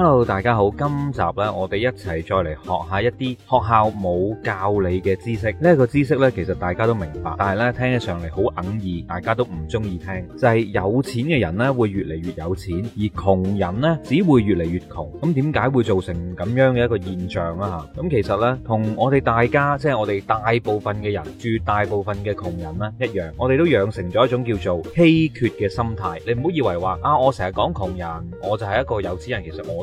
Hello，大家好。今集咧，我哋一齊再嚟學下一啲學校冇教你嘅知識。呢、這、一個知識呢，其實大家都明白，但係呢，聽起上嚟好哽耳，大家都唔中意聽。就係、是、有錢嘅人呢，會越嚟越有錢，而窮人呢，只會越嚟越窮。咁點解會造成咁樣嘅一個現象啊？咁其實呢，同我哋大家，即、就、係、是、我哋大部分嘅人，絕大部分嘅窮人呢一樣，我哋都養成咗一種叫做稀缺嘅心態。你唔好以為話啊，我成日講窮人，我就係一個有錢人。其實我。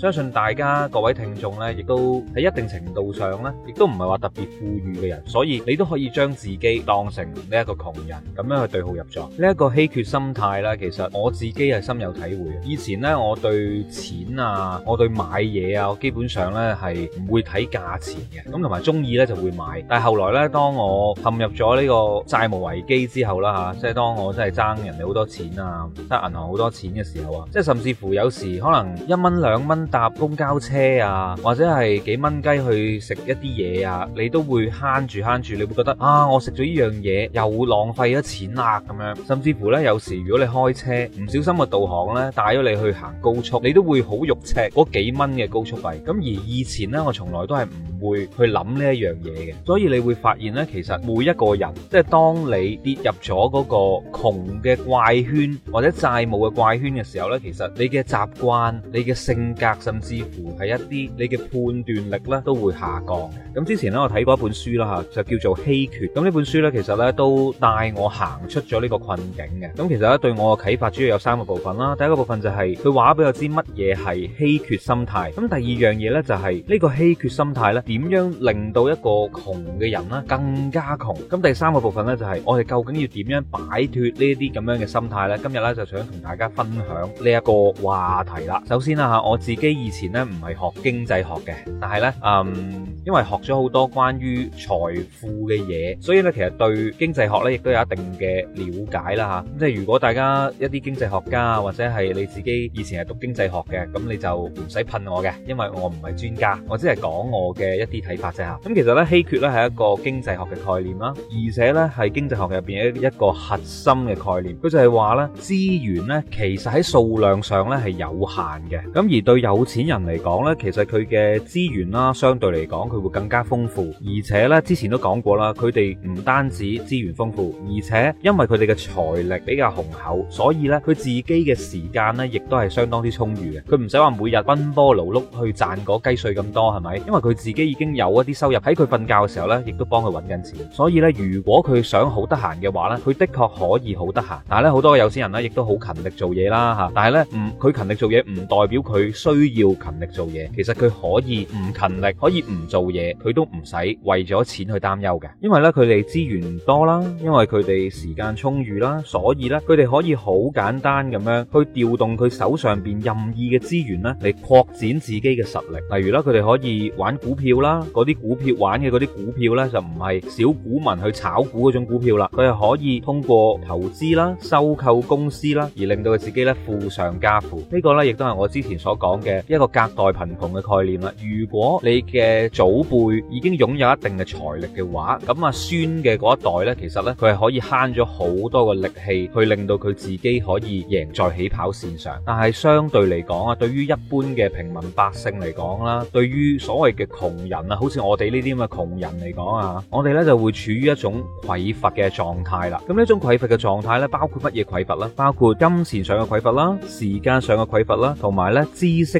相信大家各位聽眾咧，亦都喺一定程度上咧，亦都唔係話特別富裕嘅人，所以你都可以將自己當成呢一個窮人咁樣去對號入座。呢一個稀缺心態啦，其實我自己係深有體會，以前咧，我對錢啊，我對買嘢啊，我基本上咧係唔會睇價錢嘅。咁同埋中意咧就會買。但係後來咧，當我陷入咗呢個債務危機之後啦吓，即係當我真係爭人哋好多錢啊，得銀行好多錢嘅時候啊，即係甚至乎有時可能一蚊兩蚊。搭公交車啊，或者係幾蚊雞去食一啲嘢啊，你都會慳住慳住，你會覺得啊，我食咗呢樣嘢又浪費咗錢喇，咁樣，甚至乎呢，有時如果你開車唔小心個導航呢，帶咗你去行高速，你都會好肉赤嗰幾蚊嘅高速費。咁而以前呢，我從來都係唔會去諗呢一樣嘢嘅，所以你會發現呢，其實每一個人，即係當你跌入咗嗰個窮嘅怪圈或者債務嘅怪圈嘅時候呢，其實你嘅習慣、你嘅性格，甚至乎係一啲你嘅判斷力咧都會下降。咁之前咧我睇過一本書啦吓，就叫做《稀缺》。咁呢本書咧其實咧都帶我行出咗呢個困境嘅。咁其實咧對我嘅啟發主要有三個部分啦。第一個部分就係佢話俾我知乜嘢係稀缺心態。咁第二樣嘢咧就係呢個稀缺心態咧點樣令到一個窮嘅人啦更加窮。咁第三個部分咧就係我哋究竟要點樣擺脫呢啲咁樣嘅心態咧？今日咧就想同大家分享呢一個話題啦。首先啦吓，我自己。以前咧唔係學經濟學嘅，但係咧，嗯，因為學咗好多關於財富嘅嘢，所以咧其實對經濟學咧亦都有一定嘅了解啦吓。咁即係如果大家一啲經濟學家啊，或者係你自己以前係讀經濟學嘅，咁你就唔使噴我嘅，因為我唔係專家，我只係講我嘅一啲睇法啫吓。咁其實咧稀缺咧係一個經濟學嘅概念啦，而且咧係經濟學入邊嘅一個核心嘅概念，佢就係話咧資源咧其實喺數量上咧係有限嘅，咁而對有有錢人嚟講呢，其實佢嘅資源啦，相對嚟講佢會更加豐富。而且呢，之前都講過啦，佢哋唔單止資源豐富，而且因為佢哋嘅財力比較雄厚，所以呢，佢自己嘅時間呢，亦都係相當之充裕嘅。佢唔使話每日奔波勞碌去賺嗰雞碎咁多，係咪？因為佢自己已經有一啲收入喺佢瞓覺嘅時候呢，亦都幫佢揾緊錢。所以呢，如果佢想好得閒嘅話呢，佢的確可以好得閒。但係咧，好多有錢人呢，亦都好勤力做嘢啦吓。但係呢，唔佢勤力做嘢唔代表佢需需要勤力做嘢，其實佢可以唔勤力，可以唔做嘢，佢都唔使為咗錢去擔憂嘅。因為咧，佢哋資源多啦，因為佢哋時間充裕啦，所以咧，佢哋可以好簡單咁樣去調動佢手上邊任意嘅資源咧，嚟擴展自己嘅實力。例如咧，佢哋可以玩股票啦，嗰啲股票玩嘅嗰啲股票咧就唔係小股民去炒股嗰種股票啦，佢係可以通過投資啦、收購公司啦，而令到佢自己咧富上加富。這個，呢個咧亦都係我之前所講嘅。一個隔代貧窮嘅概念啦。如果你嘅祖輩已經擁有一定嘅財力嘅話，咁阿孫嘅嗰一代呢，其實呢，佢係可以慳咗好多嘅力氣，去令到佢自己可以贏在起跑線上。但係相對嚟講啊，對於一般嘅平民百姓嚟講啦，對於所謂嘅窮人啊，好似我哋呢啲咁嘅窮人嚟講啊，我哋呢就會處於一種匱乏嘅狀態啦。咁呢種匱乏嘅狀態呢，包括乜嘢匱乏啦？包括金錢上嘅匱乏啦，時間上嘅匱乏啦，同埋呢知識。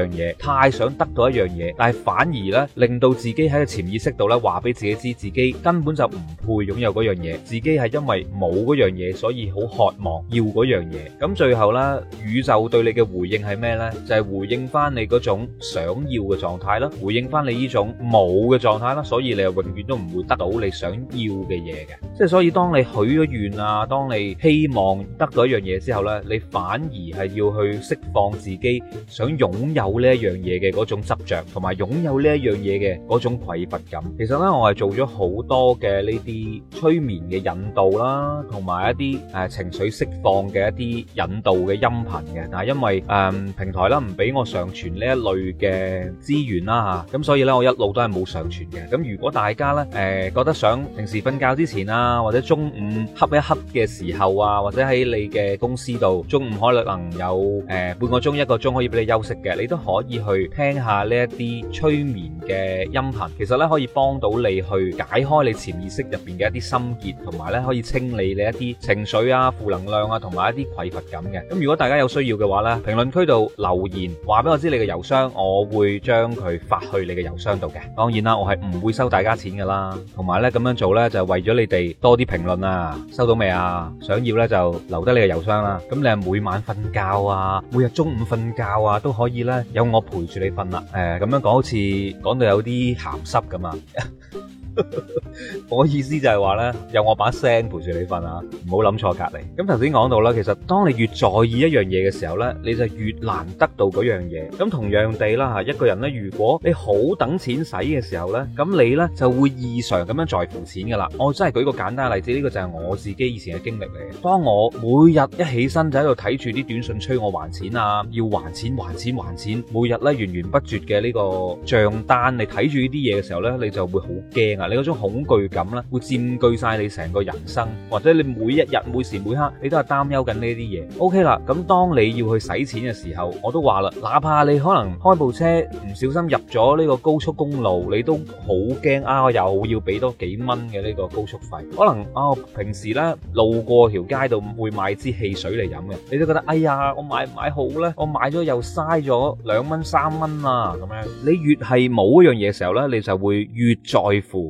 樣嘢，太想得到一樣嘢，但係反而咧令到自己喺個潛意識度咧話俾自己知，自己根本就唔配擁有嗰樣嘢，自己係因為冇嗰樣嘢，所以好渴望要嗰樣嘢。咁最後咧，宇宙對你嘅回應係咩咧？就係回應翻你嗰種想要嘅狀態啦，回應翻你呢種冇嘅狀態啦，所以你係永遠都唔會得到你想要嘅嘢嘅。即係所以，當你許咗願啊，當你希望得到一樣嘢之後咧，你反而係要去釋放自己想擁有。冇呢一樣嘢嘅嗰種執著，同埋擁有呢一樣嘢嘅嗰種匱乏感。其實咧，我係做咗好多嘅呢啲催眠嘅引導啦，同埋一啲誒情緒釋放嘅一啲引導嘅音頻嘅。但係因為誒平台啦唔俾我上傳呢一類嘅資源啦嚇，咁所以咧，我一路都係冇上傳嘅。咁如果大家咧誒覺得想平時瞓覺之前啊，或者中午瞌一瞌嘅時候啊，或者喺你嘅公司度中午可能有誒半個鐘一個鐘可以俾你休息嘅，你都～可以去聽下呢一啲催眠嘅音頻，其實呢可以幫到你去解開你潛意識入邊嘅一啲心結，同埋呢可以清理你一啲情緒啊、負能量啊，同埋一啲匱乏感嘅。咁如果大家有需要嘅話呢，評論區度留言話俾我知你嘅郵箱，我會將佢發去你嘅郵箱度嘅。當然啦，我係唔會收大家錢噶啦，同埋呢，咁樣做呢，就係為咗你哋多啲評論啊。收到未啊？想要呢，就留低你嘅郵箱啦。咁你係每晚瞓覺啊，每日中午瞓覺啊都可以呢。有我陪住你瞓啦，誒、呃、咁樣講好似講到有啲鹹濕咁啊！ 我意思就係話呢，有我把聲陪住你瞓啊，唔好諗錯隔離。咁頭先講到啦，其實當你越在意一樣嘢嘅時候呢，你就越難得到嗰樣嘢。咁同樣地啦吓，一個人呢，如果你好等錢使嘅時候呢，咁你呢就會異常咁樣在乎錢噶啦。我真係舉個簡單例子，呢個就係我自己以前嘅經歷嚟。當我每日一起身就喺度睇住啲短信催我還錢啊，要還錢還錢還錢，還錢，每日呢源源不絕嘅呢個賬單你睇住呢啲嘢嘅時候呢，你就會好驚。嗱，你嗰種恐懼感咧，會佔據晒你成個人生，或者你每一日每時每刻，你都係擔憂緊呢啲嘢。O K 啦，咁當你要去使錢嘅時候，我都話啦，哪怕你可能開部車唔小心入咗呢個高速公路，你都好驚啊！我又要俾多幾蚊嘅呢個高速費。可能啊，我平時呢路過條街度會買支汽水嚟飲嘅，你都覺得哎呀，我買唔買好呢？我買咗又嘥咗兩蚊三蚊啦咁樣。你越係冇一樣嘢嘅時候呢，你就會越在乎。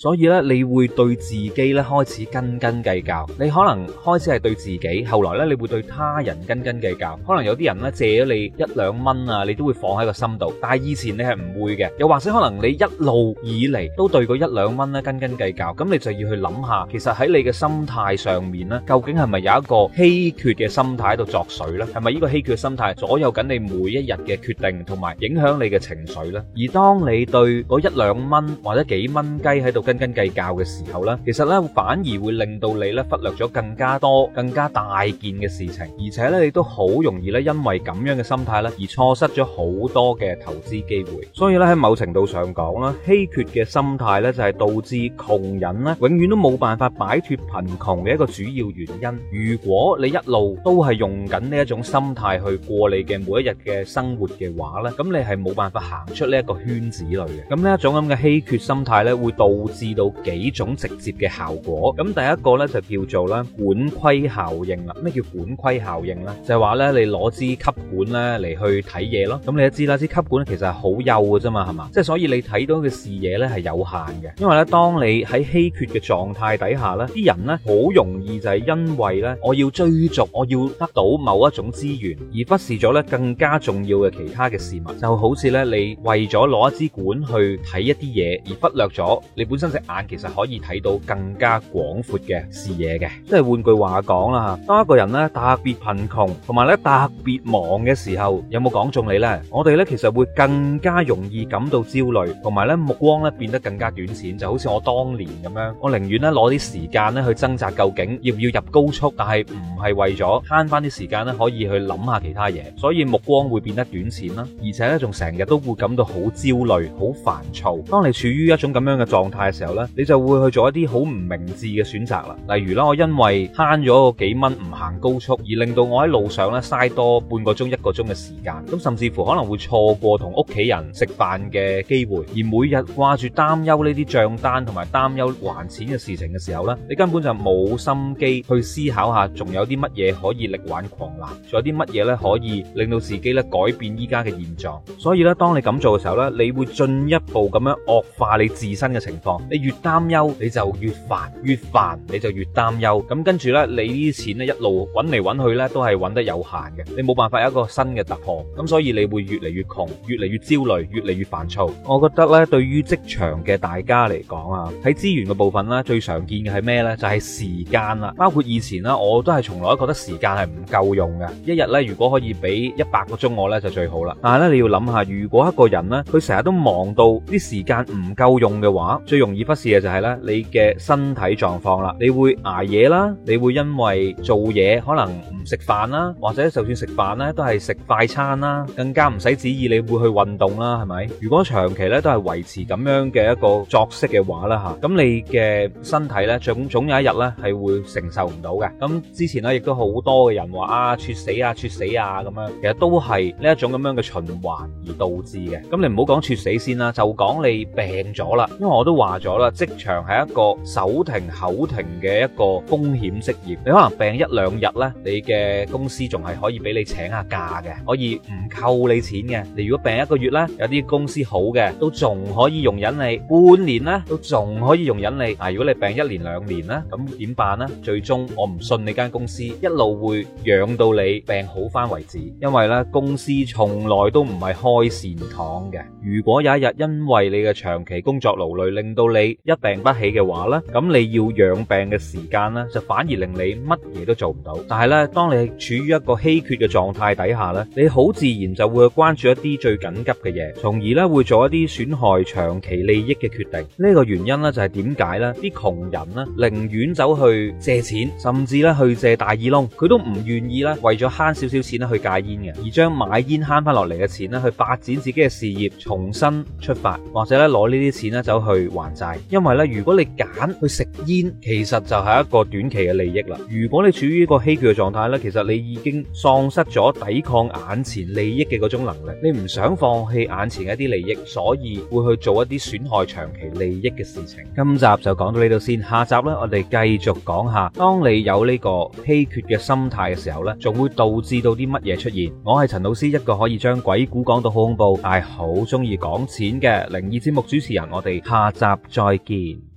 所以咧，你會對自己咧開始斤斤計較。你可能開始係對自己，後來咧你會對他人斤斤計較。可能有啲人咧借咗你一兩蚊啊，你都會放喺個心度。但係以前你係唔會嘅。又或者可能你一路以嚟都對嗰一兩蚊咧斤斤計較。咁你就要去諗下，其實喺你嘅心態上面咧，究竟係咪有一個稀缺嘅心態喺度作祟呢？係咪呢個稀缺心態左右緊你每一日嘅決定，同埋影響你嘅情緒呢？而當你對嗰一兩蚊或者幾蚊雞喺度斤斤計較嘅時候啦，其實咧反而會令到你咧忽略咗更加多、更加大件嘅事情，而且咧你都好容易咧因為咁樣嘅心態咧而錯失咗好多嘅投資機會。所以咧喺某程度上講啦，稀缺嘅心態咧就係導致窮人咧永遠都冇辦法擺脫貧窮嘅一個主要原因。如果你一路都係用緊呢一種心態去過你嘅每一日嘅生活嘅話咧，咁你係冇辦法行出呢一個圈子裏嘅。咁呢一種咁嘅稀缺心態咧會導致。知道幾種直接嘅效果，咁第一個咧就叫做咧管窺效應啦。咩叫管窺效應咧？就係話咧你攞支吸管咧嚟去睇嘢咯。咁你都知啦，支吸管其實係好幼嘅啫嘛，係嘛？即係所以你睇到嘅視野咧係有限嘅，因為咧當你喺稀缺嘅狀態底下咧，啲人咧好容易就係因為咧我要追逐，我要得到某一種資源，而忽視咗咧更加重要嘅其他嘅事物。就好似咧你為咗攞一支管去睇一啲嘢，而忽略咗你本身。隻眼其實可以睇到更加廣闊嘅視野嘅，即係換句話講啦，當一個人咧特別貧窮同埋咧特別忙嘅時候，有冇講中你呢？我哋咧其實會更加容易感到焦慮，同埋咧目光咧變得更加短淺，就好似我當年咁樣，我寧願咧攞啲時間咧去掙扎究竟要唔要入高速，但係唔係為咗慳翻啲時間咧可以去諗下其他嘢，所以目光會變得短淺啦，而且咧仲成日都會感到好焦慮、好煩躁。當你處於一種咁樣嘅狀態時候咧，你就會去做一啲好唔明智嘅選擇啦。例如啦，我因為慳咗個幾蚊唔行高速，而令到我喺路上咧嘥多半個鐘一個鐘嘅時間。咁甚至乎可能會錯過同屋企人食飯嘅機會，而每日掛住擔憂呢啲帳單同埋擔憂還錢嘅事情嘅時候咧，你根本就冇心機去思考下，仲有啲乜嘢可以力挽狂瀾，仲有啲乜嘢咧可以令到自己咧改變依家嘅現狀。所以咧，當你咁做嘅時候咧，你會進一步咁樣惡化你自身嘅情況。你越擔憂你就越煩，越煩你就越擔憂。咁跟住咧，你啲錢咧一路揾嚟揾去咧都係揾得有限嘅，你冇辦法有一個新嘅突破。咁所以你會越嚟越窮，越嚟越焦慮，越嚟越煩躁。我覺得咧，對於職場嘅大家嚟講啊，喺資源嘅部分咧最常見嘅係咩咧？就係時間啦。包括以前啦，我都係從來覺得時間係唔夠用嘅。一日咧，如果可以俾一百個鐘我咧就最好啦。但係咧，你要諗下，如果一個人咧佢成日都忙到啲時間唔夠用嘅話，最容易。而不是嘅就係咧，你嘅身體狀況啦，你會捱夜啦，你會因為做嘢可能唔食飯啦，或者就算食飯咧都係食快餐啦，更加唔使指意你會去運動啦，係咪？如果長期咧都係維持咁樣嘅一個作息嘅話啦嚇，咁你嘅身體咧總總有一日咧係會承受唔到嘅。咁之前咧亦都好多嘅人話啊，猝死啊，猝死啊，咁樣，其實都係呢一種咁樣嘅循環而導致嘅。咁你唔好講猝死先啦，就講你病咗啦，因為我都話咗啦！職場係一個手停口停嘅一個風險職業，你可能病一兩日咧，你嘅公司仲係可以俾你請下假嘅，可以唔扣你錢嘅。你如果病一個月咧，有啲公司好嘅都仲可以容忍你；半年咧都仲可以容忍你。嗱，如果你病一年兩年咧，咁點辦咧？最終我唔信你間公司一路會養到你病好返為止，因為咧公司從來都唔係開善堂嘅。如果有一日因為你嘅長期工作勞累令到，你一病不起嘅話呢，咁你要養病嘅時間呢，就反而令你乜嘢都做唔到。但係呢，當你處於一個稀缺嘅狀態底下呢，你好自然就會去關注一啲最緊急嘅嘢，從而呢會做一啲損害長期利益嘅決定。呢個原因呢，就係點解呢？啲窮人呢，寧願走去借錢，甚至呢去借大耳窿，佢都唔願意呢為咗慳少少錢呢去戒煙嘅，而將買煙慳翻落嚟嘅錢呢，去發展自己嘅事業，重新出發，或者咧攞呢啲錢呢走去還。因為咧，如果你揀去食煙，其實就係一個短期嘅利益啦。如果你處於一個稀缺嘅狀態咧，其實你已經喪失咗抵抗眼前利益嘅嗰種能力。你唔想放棄眼前一啲利益，所以會去做一啲損害長期利益嘅事情。今集就講到呢度先，下集咧，我哋繼續講下，當你有呢個稀缺嘅心態嘅時候咧，仲會導致到啲乜嘢出現？我係陳老師，一個可以將鬼故講到好恐怖，但係好鍾意講錢嘅靈異節目主持人。我哋下集。再見。